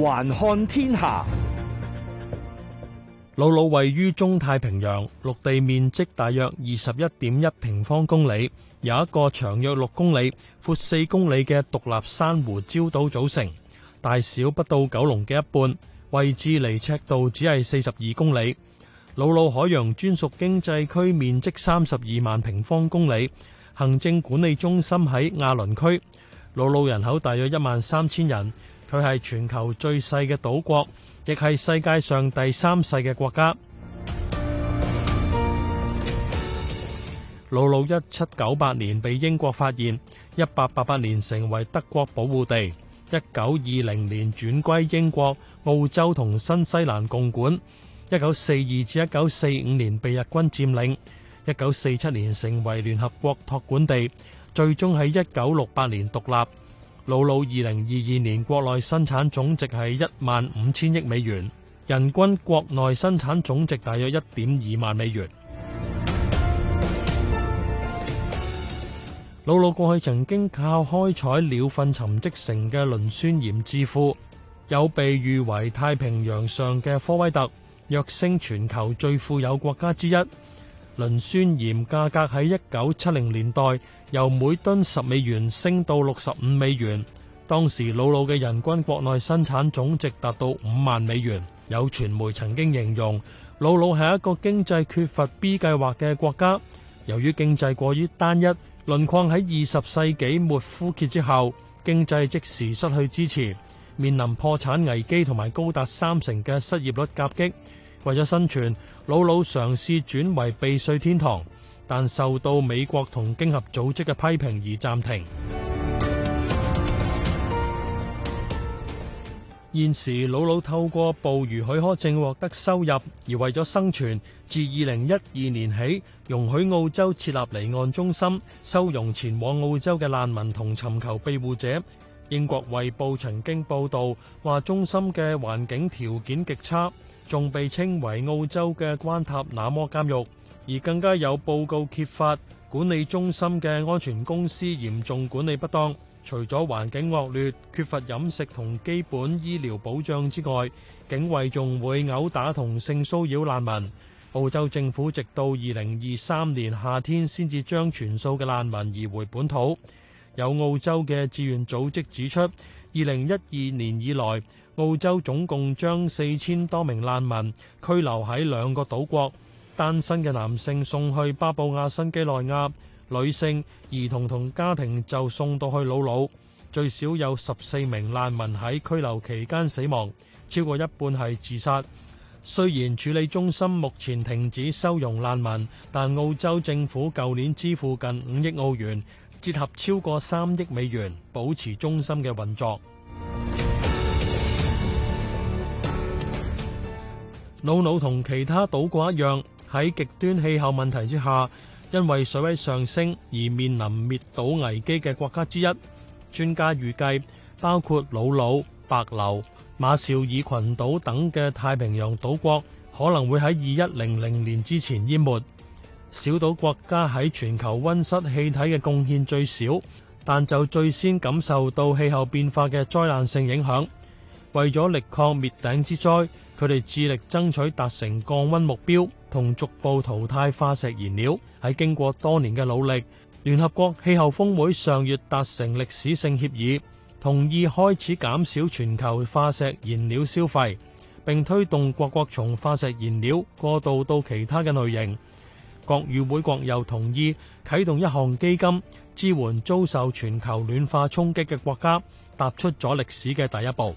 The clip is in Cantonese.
環看天下，瑙魯位於中太平洋，陸地面積大約二十一點一平方公里，由一個長約六公里、闊四公里嘅獨立珊瑚礁島組成，大小不到九龍嘅一半。位置離赤道只係四十二公里。瑙魯海洋專屬經濟區面積三十二萬平方公里，行政管理中心喺亞倫區。瑙魯人口大約一萬三千人。佢係全球最細嘅島國，亦係世界上第三細嘅國家。瑙魯一七九八年被英國發現，一八八八年成為德國保護地，一九二零年轉歸英國、澳洲同新西蘭共管，一九四二至一九四五年被日軍佔領，一九四七年成為聯合國託管地，最終喺一九六八年獨立。瑙魯二零二二年國內生產總值係，一萬五千億美元，人均國內生產總值大約一點二萬美元。瑙魯過去曾經靠開採鳥糞沉積成嘅磷酸鹽致富，有被譽為太平洋上嘅科威特，躍升全球最富有國家之一。磷酸鹽價格喺一九七零年代由每噸十美元升到六十五美元，當時瑙魯嘅人均國內生產總值達到五萬美元。有傳媒曾經形容瑙魯係一個經濟缺乏 B 計劃嘅國家，由於經濟過於單一，磷礦喺二十世紀末枯竭之後，經濟即時失去支持，面臨破產危機同埋高達三成嘅失業率夾擊。為咗生存，瑙魯嘗試，試轉為避稅天堂，但受到美國同經合組織嘅批評而暫停。現時瑙魯透過捕魚許可證獲得收入，而為咗生存，自二零一二年起容許澳洲設立離岸中心，收容前往澳洲嘅難民同尋求庇護者。英國衛報曾經報道話，中心嘅環境條件極差。仲被稱為澳洲嘅關塔那摩監獄，而更加有報告揭發管理中心嘅安全公司嚴重管理不當。除咗環境惡劣、缺乏飲食同基本醫療保障之外，警衛仲會毆打同性騷擾難民。澳洲政府直到二零二三年夏天先至將全數嘅難民移回本土。有澳洲嘅志願組織指出，二零一二年以來，澳洲總共將四千多名難民拘留喺兩個島國，單身嘅男性送去巴布亞新幾內亞，女性、兒童同家庭就送到去瑙魯。最少有十四名難民喺拘留期間死亡，超過一半係自殺。雖然處理中心目前停止收容難民，但澳洲政府舊年支付近五億澳元，折合超過三億美元，保持中心嘅運作。老老同其他島國一樣，喺極端氣候問題之下，因為水位上升而面臨滅島危機嘅國家之一。專家預計，包括瑙魯、帕勞、馬紹爾群島等嘅太平洋島國，可能會喺二一零零年之前淹沒。小島國家喺全球溫室氣體嘅貢獻最少，但就最先感受到氣候變化嘅災難性影響。為咗力抗滅頂之災。佢哋致力爭取達成降温目標同逐步淘汰化石燃料，喺經過多年嘅努力。聯合國氣候峰會上月達成歷史性協議，同意開始減少全球化石燃料消費，並推動各國從化石燃料過渡到其他嘅類型。各與會國又同意啟動一項基金，支援遭受全球暖化衝擊嘅國家，踏出咗歷史嘅第一步。